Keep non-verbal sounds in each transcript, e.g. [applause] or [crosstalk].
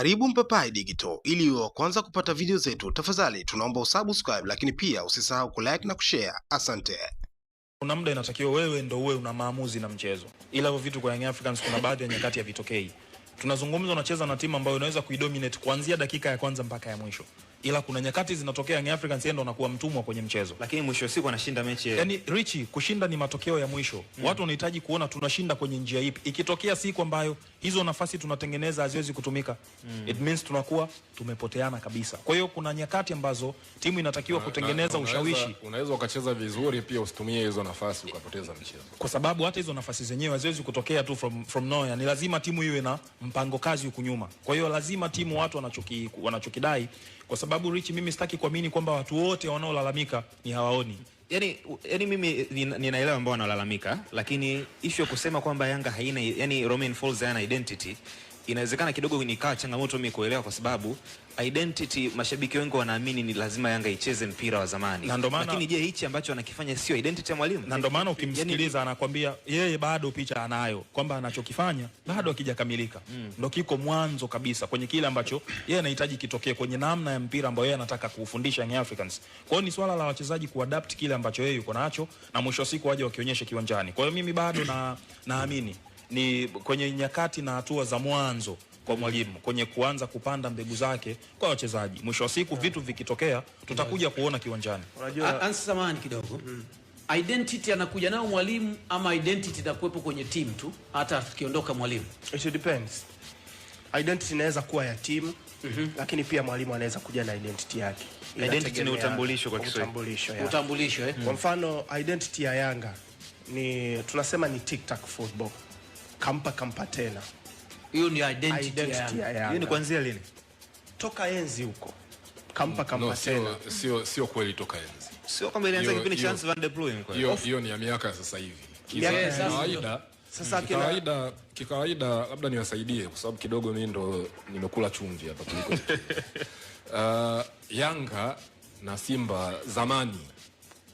Karibu Mpapai Digital, ili uwe wa kwanza kupata video zetu, tafadhali tunaomba usubscribe, lakini pia usisahau kulike na kushare. Asante. Kuna muda inatakiwa wewe ndo uwe una maamuzi na mchezo, ila hivyo vitu kwa Young Africans kuna baadhi ya nyakati ya vitokei Tunazungumza, unacheza na timu ambayo inaweza kuidominate kuanzia dakika ya kwanza mpaka ya mwisho ila kuna nyakati zinatokea Young Africans yeye ndo anakuwa mtumwa kwenye mchezo, lakini mwisho siku anashinda mechi yeye. Yani Richi, kushinda ni matokeo ya mwisho mm. Watu wanahitaji kuona tunashinda kwenye njia ipi. Ikitokea siku ambayo hizo nafasi tunatengeneza haziwezi kutumika mm. It means tunakuwa tumepoteana kabisa. Kwa hiyo kuna nyakati ambazo timu inatakiwa na, kutengeneza na, ushawishi. Unaweza ukacheza vizuri pia usitumie hizo nafasi ukapoteza mchezo, kwa sababu hata hizo nafasi zenyewe haziwezi kutokea tu from, from nowhere. Ni lazima timu iwe na mpango kazi huku nyuma. Kwa hiyo lazima timu watu wanachokidai kwa sababu Rich, mimi sitaki kuamini kwamba watu wote wanaolalamika ni hawaoni. Yani, yani mimi ninaelewa ambao wanalalamika, lakini ishu ya kusema kwamba Yanga haina yani Romain Folz hana identity inawezekana kidogo nikaa changamoto mimi kuelewa, kwa sababu identity mashabiki wengi wanaamini ni lazima Yanga icheze mpira wa zamani, lakini je, hichi ambacho anakifanya sio identity ya mwalimu? Na ndio maana ukimsikiliza yani, anakwambia yeye bado picha anayo kwamba anachokifanya bado hakijakamilika, mm. ndo kiko mwanzo kabisa kwenye kile ambacho yeye anahitaji kitokee kwenye namna ya mpira ambayo yeye anataka kuufundisha Young Africans. Kwa hiyo ni swala la wachezaji kuadapt kile ambacho yeye yuko nacho na mwisho wa siku waje wakionyeshe kiwanjani. Kwa hiyo mimi bado na naamini ni kwenye nyakati na hatua za mwanzo kwa mwalimu kwenye kuanza kupanda mbegu zake kwa wachezaji. Mwisho wa siku vitu vikitokea tutakuja kuona kiwanjani. Unajua samani kidogo mm. Identity anakuja nao mwalimu ama identity itakuwepo kwenye timu tu hata akiondoka mwalimu? It depends. Identity inaweza kuwa ya timu mm -hmm. Lakini pia mwalimu anaweza kuja na identity yake. Identity ni utambulisho kwa Kiswahili. Utambulisho, ya. Utambulisho eh. Kwa mfano identity ya Yanga ni tunasema ni tiktok tac football kampa kampa tena. Hiyo ni identity, identity ya Yanga. Hiyo ni kuanzia lini? Toka enzi huko kampa kampa no, tena. Sio sio kweli toka enzi. Sio kama ilianza kipindi cha Hans van der Pluijm kwa hiyo. Hiyo ni ya miaka sasa hivi. Kawaida sasa kikawaida kikawaida, labda niwasaidie kwa sababu kidogo mimi ndo nimekula chumvi hapa kuliko [laughs] uh, Yanga na Simba zamani,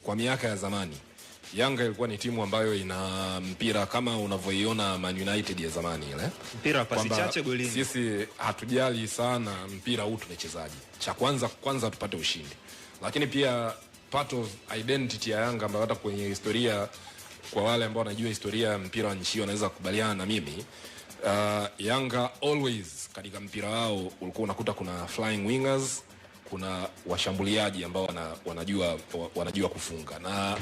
kwa miaka ya zamani Yanga ilikuwa ni timu ambayo ina mpira kama unavyoiona Man United ya zamani ile. Mpira pasi chache golini. Sisi hatujali sana mpira huu tunachezaji. Cha kwanza kwanza tupate ushindi. Lakini pia part of identity ya Yanga ambayo hata kwenye historia kwa wale ambao wanajua historia ya mpira wa nchi wanaweza kukubaliana na mimi. Uh, Yanga always katika mpira wao ulikuwa unakuta kuna flying wingers, kuna washambuliaji ambao wana, wanajua wanajua kufunga na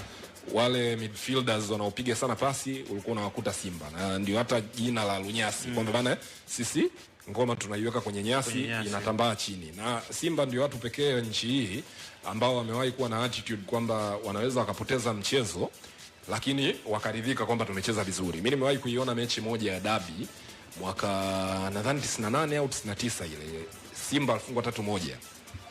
wale midfielders wanaopiga sana pasi ulikuwa unawakuta Simba, na ndio hata jina la lunyasi mm. kwamba bana sisi ngoma tunaiweka kwenye nyasi, nyasi inatambaa chini, na Simba ndio watu pekee nchi hii ambao wamewahi kuwa na attitude kwamba wanaweza wakapoteza mchezo lakini wakaridhika kwamba tumecheza vizuri. Mimi nimewahi kuiona mechi moja ya dabi mwaka nadhani 98 au 99 ile Simba alifungwa tatu moja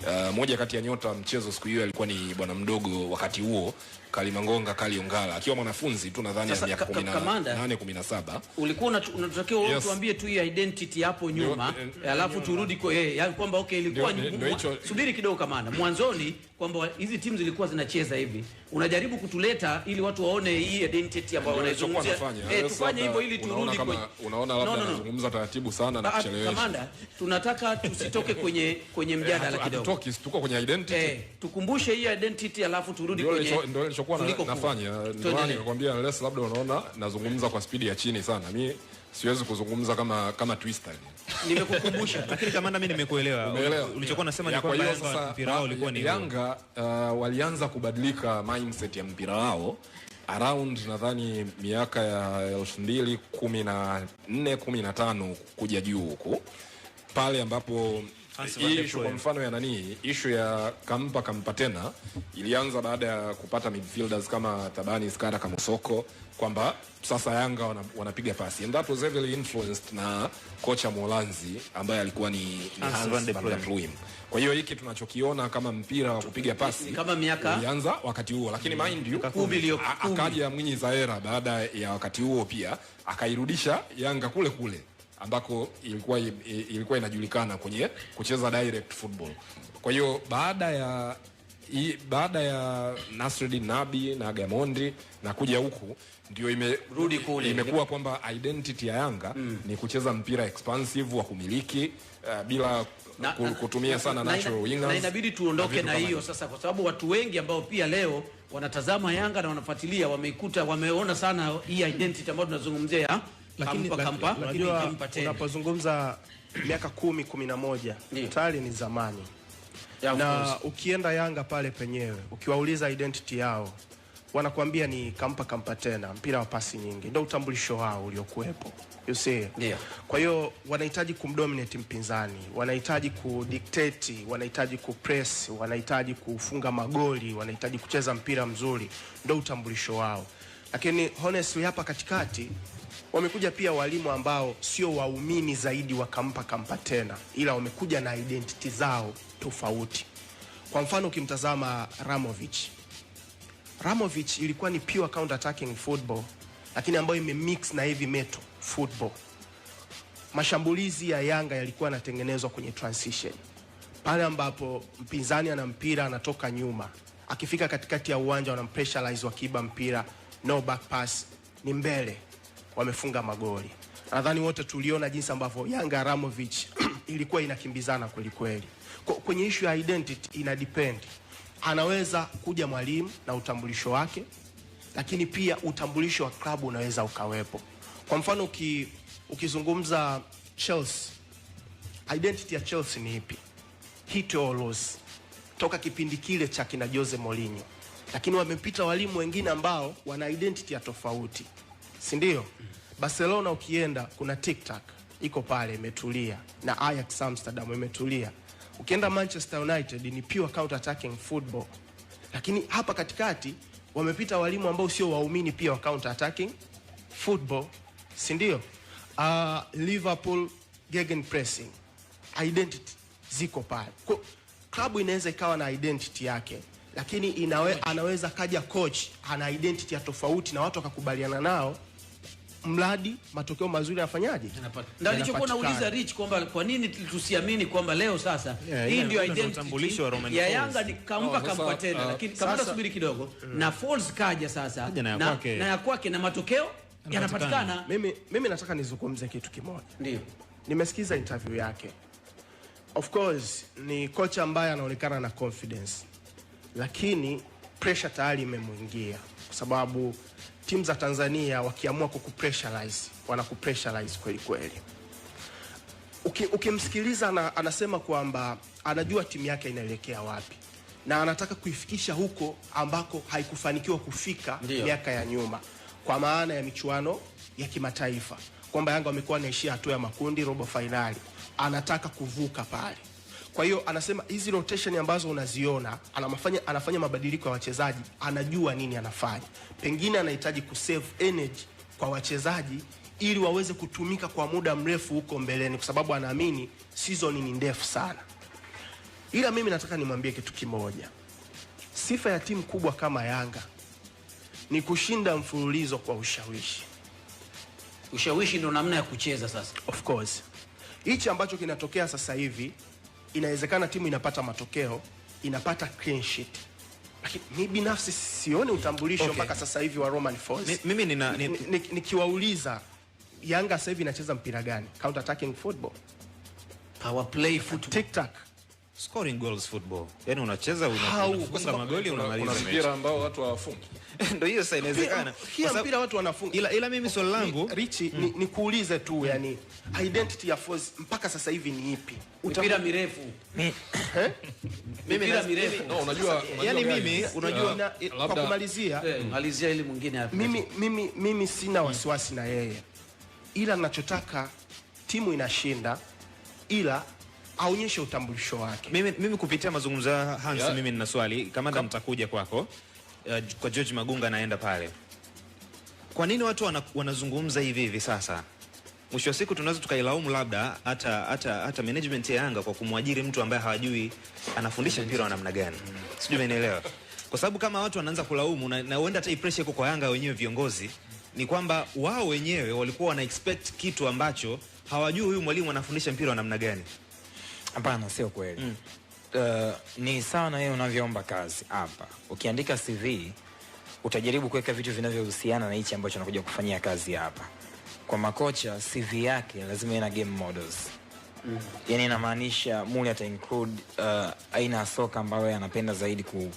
Uh, moja kati ya nyota wa mchezo siku hiyo alikuwa ni bwana mdogo wakati huo Kalimangonga Kali Ongala akiwa mwanafunzi tu nadhani ya miaka 18 17. Ulikuwa unatakiwa yes, tu hii identity hapo nyuma eh, eh, alafu turudi kwa yeye yani kwamba okay, ilikuwa subiri kidogo, kamanda, mwanzoni kwamba hizi timu zilikuwa zinacheza hivi, unajaribu kutuleta ili watu waone hii identity ambayo wanaizungumzia. Eh, tufanye hivyo ili turudi kwa, unaona, labda nazungumza taratibu sana na kuchelewesha. Kamanda, tunataka tusitoke kwenye kwenye mjadala kidogo tutoke, tuko kwenye identity eh, tukumbushe hii identity, alafu turudi kwenye ndio nilichokuwa nafanya. Ndio nilikwambia, unless labda unaona nazungumza kwa spidi ya chini sana, mimi siwezi kuzungumza kama kama twister nimekukumbusha. [laughs] Lakini kamanda, mimi nimekuelewa, ulichokuwa unasema ni kwamba Yanga mpira wao ulikuwa ni Yanga uh, walianza kubadilika mindset ya mpira wao around nadhani miaka ya 2014 15 kuja juu huko pale ambapo hii kwa mfano ya nani, ishu ya kampa kampa tena ilianza baada ya kupata midfielders kama Tabani Skara kama Soko, kwamba sasa Yanga wanapiga pasi, and that was heavily influenced na kocha Molanzi ambaye alikuwa ni Hans van der Pluim. Kwa hiyo hiki tunachokiona kama mpira wa kupiga pasi kama miaka ilianza wakati huo, lakini mm. mind you akaja Mwinyi Zaera baada ya wakati huo pia akairudisha Yanga kule kule ambako ilikuwa ilikuwa inajulikana kwenye kucheza direct football. Kwa hiyo baada ya I, baada ya Nasreddin Nabi na Gamondi na kuja huku ndio imerudi kule, imekuwa kwamba identity ya Yanga mm, ni kucheza mpira expansive wa kumiliki uh, bila na, kutumia sana natural wingers na inabidi tuondoke na hiyo sasa, kwa sababu watu wengi ambao pia leo wanatazama Yanga na wanafuatilia wameikuta wameona sana hii identity ambayo tunazungumzia lakini unajua unapozungumza miaka kumi kumi na moja tayari ni zamani yeah, na ukienda Yanga pale penyewe ukiwauliza identity yao wanakuambia ni kampa kampa tena mpira wa pasi nyingi, ndio utambulisho wao uliokuwepo you see yeah. Kwa hiyo wanahitaji kumdominate mpinzani, wanahitaji kudictate, wanahitaji kupress, wanahitaji kufunga magoli, wanahitaji kucheza mpira mzuri, ndio utambulisho wao. Lakini honestly hapa katikati wamekuja pia walimu ambao sio waumini zaidi wakampa kampa tena, ila wamekuja na identity zao tofauti. Kwa mfano ukimtazama Ramovich, Ramovich ilikuwa ni pure counter attacking football, lakini ambayo imemix na heavy meto football. Mashambulizi ya Yanga yalikuwa yanatengenezwa kwenye transition, pale ambapo mpinzani ana mpira anatoka nyuma, akifika katikati ya uwanja wanampressurize, wakiiba mpira no back pass, ni mbele wamefunga magoli. Nadhani wote tuliona jinsi ambavyo Yanga Ramovic [clears throat] ilikuwa inakimbizana kweli kweli. Kwenye issue ya identity ina depend, anaweza kuja mwalimu na utambulisho wake, lakini pia utambulisho wa klabu unaweza ukawepo. Kwa mfano uki, ukizungumza Chelsea, identity ya Chelsea ni ipi? Hit or toka kipindi kile cha kina Jose Mourinho lakini wamepita walimu wengine ambao wana identity ya tofauti, si ndio? Mm. Barcelona ukienda kuna TikTok iko pale imetulia, na Ajax Amsterdam imetulia. Ukienda Manchester United ni pure counter attacking football, lakini hapa katikati wamepita walimu ambao sio waumini pia wa counter attacking football, si ndio? Uh, ah, Liverpool gegen pressing identity ziko pale, klabu inaweza ikawa na identity yake lakini inawe, anaweza kaja coach ana identity ya tofauti na watu wakakubaliana nao mradi matokeo mazuri afanyaje? Ndio nilichokuwa nauliza Rich kwamba kwa nini tusiamini kwamba leo sasa yeah, hii ndio identity ya Yanga kampa oh, kampa tena, uh, lakini kama subiri kidogo mm. na Falls kaja sasa na ya kwake na, na, ya na matokeo yanapatikana. Mimi, mimi nataka nizungumze kitu kimoja. Ndio nimesikiza interview yake, of course ni kocha ambaye anaonekana na confidence lakini presha tayari imemwingia kwa sababu timu za Tanzania wakiamua kukupressurize wanakupressurize kweli kweli. ukimsikiliza uki anasema kwamba anajua timu yake inaelekea wapi na anataka kuifikisha huko ambako haikufanikiwa kufika miaka ya nyuma, kwa maana ya michuano ya kimataifa, kwamba Yanga wamekuwa naishia hatua ya makundi, robo fainali, anataka kuvuka pale. Kwa hiyo anasema hizi rotation ambazo unaziona anafanya, anafanya mabadiliko ya wachezaji, anajua nini anafanya. Pengine anahitaji kusave energy kwa wachezaji ili waweze kutumika kwa muda mrefu huko mbeleni, kwa sababu anaamini season ni ndefu sana. Ila mimi nataka nimwambie kitu kimoja, sifa ya timu kubwa kama Yanga ni kushinda mfululizo kwa ushawishi. Ushawishi ndio namna ya kucheza sasa. Of course hichi ambacho kinatokea sasa hivi inawezekana timu inapata matokeo, inapata clean sheet lakini mi binafsi sioni utambulisho okay, sasa hivi wa Romain Folz. Mimi nina nikiwauliza Yanga sasa hivi inacheza mpira gani? Counter attacking football, power play football, tic tac scoring goals football, yani unacheza unafunga magoli unamaliza. Kuna mpira ambao watu hawafungi, [laughs] ndio hiyo. Sasa inawezekana pia mpira watu wanafunga, ila ila mimi swali langu Richi, mm. nikuulize tu, mm. yani identity ya force mpaka sasa hivi ni ipi? mpira mirefu eh? Eh? mimi mirefu, no, unajua yani mimi unajua, eh, kwa kumalizia mm. malizia ili mwingine hapo, mimi mimi mimi sina mm. wasiwasi na yeye, ila ninachotaka timu inashinda ila aonyeshe utambulisho wake. Mimi, mimi kupitia mazungumzo ya Hans yeah. Mimi nina swali kamanda Kap... mtakuja kwako uh, kwa George Magunga naenda pale. Kwa nini watu wana, wanazungumza hivi hivi sasa? Mwisho wa siku tunaweza tukailaumu labda hata hata hata management ya Yanga kwa kumwajiri mtu ambaye hawajui anafundisha mpira wa namna gani. Mm. Sijui umeelewa. Kwa sababu kama watu wanaanza kulaumu na huenda hata pressure iko kwa Yanga wenyewe viongozi ni kwamba wao wenyewe walikuwa wana expect kitu ambacho hawajui huyu mwalimu anafundisha mpira wa namna gani. Hapana, sio kweli mm. Uh, ni sawa na wewe unavyoomba kazi hapa, ukiandika CV utajaribu kuweka vitu vinavyohusiana na hichi ambacho unakuja kufanyia kazi hapa. Kwa makocha CV yake lazima ina game models mm. Yani inamaanisha mule ata include uh, aina ya soka ambayo anapenda zaidi ku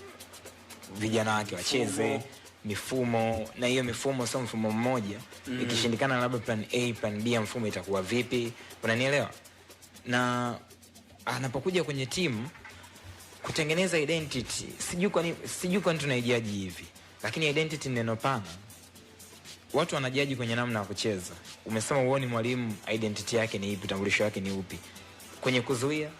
vijana wake wacheze mifumo na hiyo mifumo sio mfumo mmoja mm. Ikishindikana labda plan A, plan B mfumo itakuwa vipi? Unanielewa? na anapokuja kwenye timu kutengeneza identity, sijui kwa nini, sijui kwa nini tunaijaji hivi, lakini identity neno pana. Watu wanajaji kwenye namna ya kucheza. Umesema uone mwalimu identity yake ni ipi, utambulisho wake ni upi? Kwenye kuzuia,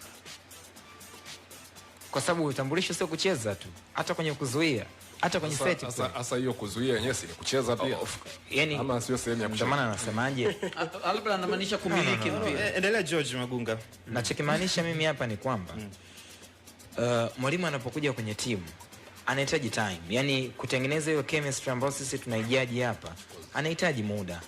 kwa sababu utambulisho sio kucheza tu, hata kwenye kuzuia hata kwenye feti. Sasa hiyo kuzuia yenyewe si kucheza pia, yani ama sio sehemu ya kuchamana. Anasemaje? Labda [laughs] anamaanisha kumiliki mpira. Eh, endelea George Magunga. Nachokimaanisha mimi hapa ni kwamba mm. uh, mwalimu anapokuja kwenye timu anahitaji time, yani kutengeneza hiyo chemistry ambayo sisi tunaijaji hapa, anahitaji muda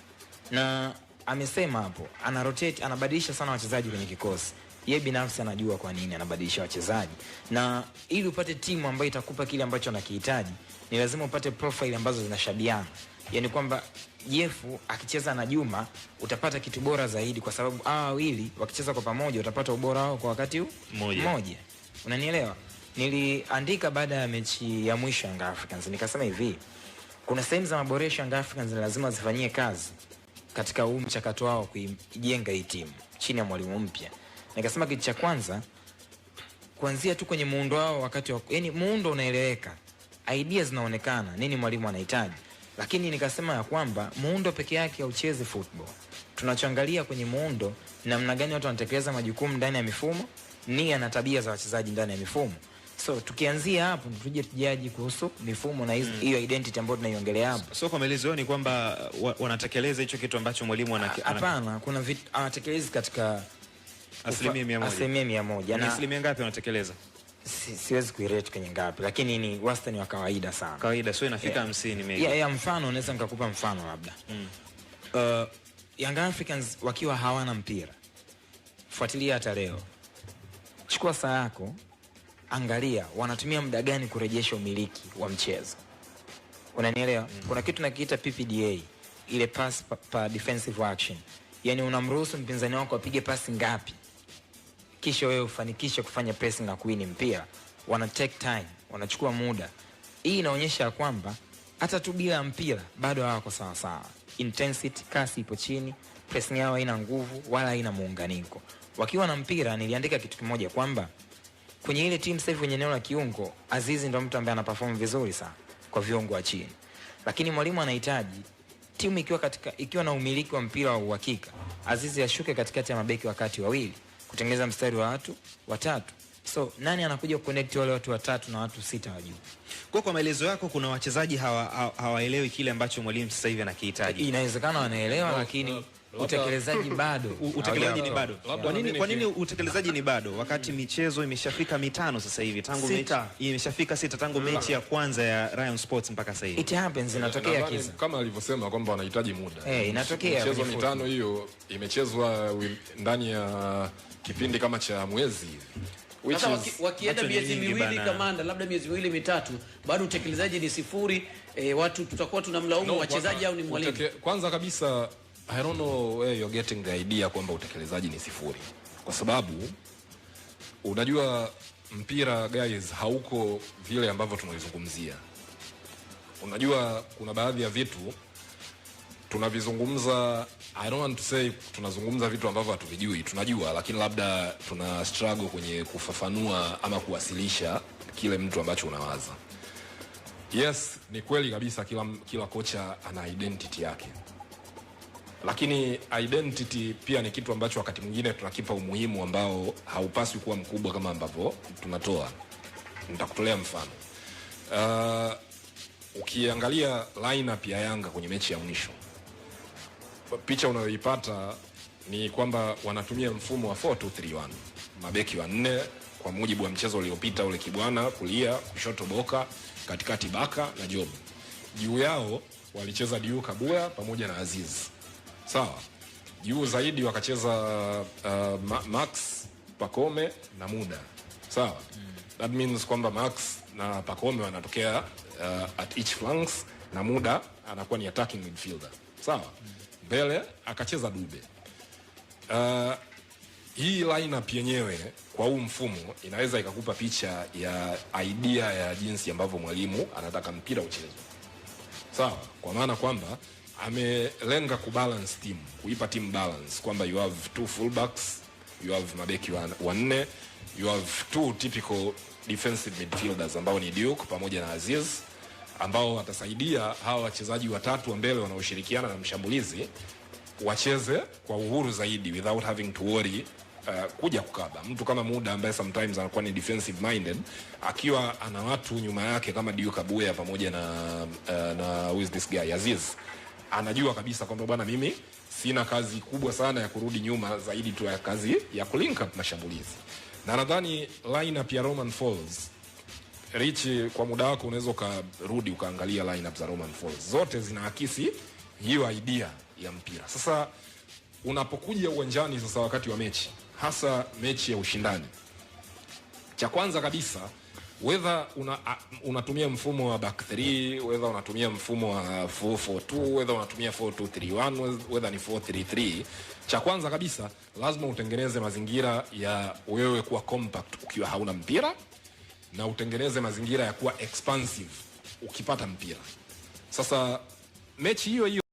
na amesema hapo ana rotate, anabadilisha sana wachezaji kwenye kikosi ye binafsi anajua kwa nini anabadilisha wachezaji, na ili upate timu ambayo itakupa kile ambacho anakihitaji ni lazima upate profile ambazo zinashabiana, yani kwamba Jefu akicheza na Juma utapata kitu bora zaidi, kwa sababu hawa wawili wakicheza kwa pamoja utapata ubora wao kwa wakati mmoja. Unanielewa? Niliandika baada ya mechi ya mwisho Yanga Africans nikasema hivi, kuna sehemu za maboresho Yanga Africans lazima zifanyie kazi katika huu mchakato wao kuijenga hii timu chini ya mwalimu mpya, Nikasema kitu cha kwanza kuanzia tu kwenye muundo wao wakati wa yani, muundo unaeleweka, idea zinaonekana, nini mwalimu anahitaji. Lakini nikasema ya kwamba muundo peke yake hauchezi football. Tunachoangalia kwenye muundo, namna gani watu wanatekeleza majukumu ndani ya mifumo, nia na tabia za wachezaji ndani ya mifumo. So tukianzia hapo tuje tujaji kuhusu mifumo na hmm. hiyo mm, identity ambayo tunaiongelea hapo. So kwa maelezo yao ni kwamba wanatekeleza hicho kitu ambacho mwalimu anaki. Hapana, kuna anatekeleza katika asilimia mia moja. Yaani Na asilimia ngapi wanatekeleza? Si, siwezi kuirate kwenye ngapi, lakini ni wastani wa kawaida sana. Kawaida sio inafika 50 yeah. maybe. Yeah, yeah, mfano unaweza nikakupa mfano labda. Mm. Uh, Young Africans wakiwa hawana mpira. Fuatilia hata leo. Chukua saa yako, angalia wanatumia muda gani kurejesha umiliki wa mchezo. Unanielewa? Mm. Kuna kitu nakiita PPDA, ile pass pa, pa defensive action. Yaani unamruhusu mpinzani wako apige pasi ngapi kisha wewe ufanikishe kufanya pressing na kuini mpira. Wana take time, wanachukua muda. Hii inaonyesha ya kwamba hata tu bila mpira bado hawako sawa sawa. Intensity, kasi ipo chini, pressing yao haina nguvu wala haina muunganiko. Wakiwa na mpira, niliandika kitu kimoja kwamba kwenye ile team safe kwenye eneo la kiungo Azizi ndo mtu ambaye anaperform vizuri sana kwa viungo wa chini, lakini mwalimu anahitaji timu ikiwa katika, ikiwa na umiliki wa mpira wa uhakika, Azizi ashuke katikati ya mabeki wakati wawili kutengeneza mstari wa watu watatu. So nani anakuja kuconnect wale watu watatu na watu sita wa juu? Kwa kwa maelezo yako, kuna wachezaji hawaelewi hawa, kile ambacho mwalimu sasa hivi anakihitaji. Inawezekana wanaelewa no, no utekelezaji [laughs] bado, utekelezaji ni bado. Kwa nini kwa nini utekelezaji ni bado wakati michezo imeshafika mitano sasa hivi tangu mechi imeshafika sita tangu mechi ya kwanza ya Rayon Sports mpaka sasa hivi. It happens, inatokea kisa. Kama alivyosema kwamba wanahitaji muda. Eh, inatokea. Michezo mitano hiyo imechezwa ndani ya kipindi kama cha mwezi sasa wakienda miezi miwili kamanda, labda miezi miwili mitatu, bado utekelezaji ni sifuri. Eh, watu tutakuwa tunamlaumu no, wachezaji au ni mwalimu? Kwanza kabisa I don't know where you're getting the idea kwamba utekelezaji ni sifuri, kwa sababu unajua mpira guys, hauko vile ambavyo tunaizungumzia. Unajua kuna baadhi ya vitu tunavizungumza, I don't want to say tunazungumza vitu ambavyo hatuvijui, tunajua, lakini labda tuna struggle kwenye kufafanua ama kuwasilisha kile mtu ambacho unawaza. Yes, ni kweli kabisa, kila, kila kocha ana identity yake lakini identity pia ni kitu ambacho wakati mwingine tunakipa umuhimu ambao haupaswi kuwa mkubwa kama ambavyo tunatoa. Nitakutolea mfano uh, ukiangalia lineup ya Yanga kwenye mechi ya mwisho, picha unayoipata ni kwamba wanatumia mfumo wa 4231 mabeki wanne kwa mujibu wa mchezo uliopita ule, Kibwana kulia, kushoto Boka, katikati Baka na Job. Juu yao walicheza Diuka Bua pamoja na Azizi sawa, juu zaidi wakacheza uh, ma Max pakome na Muda, sawa mm. That means kwamba Max na pakome wanatokea uh, at each flanks na Muda anakuwa ni attacking midfielder, sawa mm. Mbele akacheza Dube. Uh, hii lineup yenyewe kwa huu mfumo inaweza ikakupa picha ya idea ya jinsi ambavyo mwalimu anataka mpira uchezwe, sawa, kwa maana kwamba amelenga kubalance team, kuipa team balance kwamba you have two fullbacks, you have mabeki wanne, you have two typical defensive midfielders ambao ni Duke pamoja na Aziz ambao watasaidia hawa wachezaji watatu wa mbele wanaoshirikiana na mshambulizi wacheze kwa uhuru zaidi without having to worry Uh, kuja kukaba mtu kama Muda ambaye sometimes anakuwa ni defensive minded akiwa ana watu nyuma yake kama Diouf Kabuya pamoja na uh, na who is this guy Aziz anajua kabisa kwamba bwana, mimi sina kazi kubwa sana ya kurudi nyuma zaidi tu ya kazi ya kulink up mashambulizi, na nadhani lineup ya Roman Falls Rich, kwa muda wako unaweza ukarudi ukaangalia lineup za Roman Falls, zote zinaakisi hiyo idea ya mpira. Sasa unapokuja uwanjani sasa, wakati wa mechi, hasa mechi ya ushindani, cha kwanza kabisa whether una, uh, unatumia mfumo wa back 3 whether unatumia mfumo wa 442 whether unatumia 4231 whether ni 433 cha kwanza kabisa lazima utengeneze mazingira ya wewe kuwa compact ukiwa hauna mpira na utengeneze mazingira ya kuwa expansive ukipata mpira sasa mechi hiyo hiyo